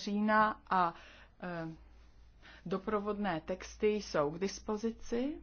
října a eh, doprovodné texty jsou k dispozici.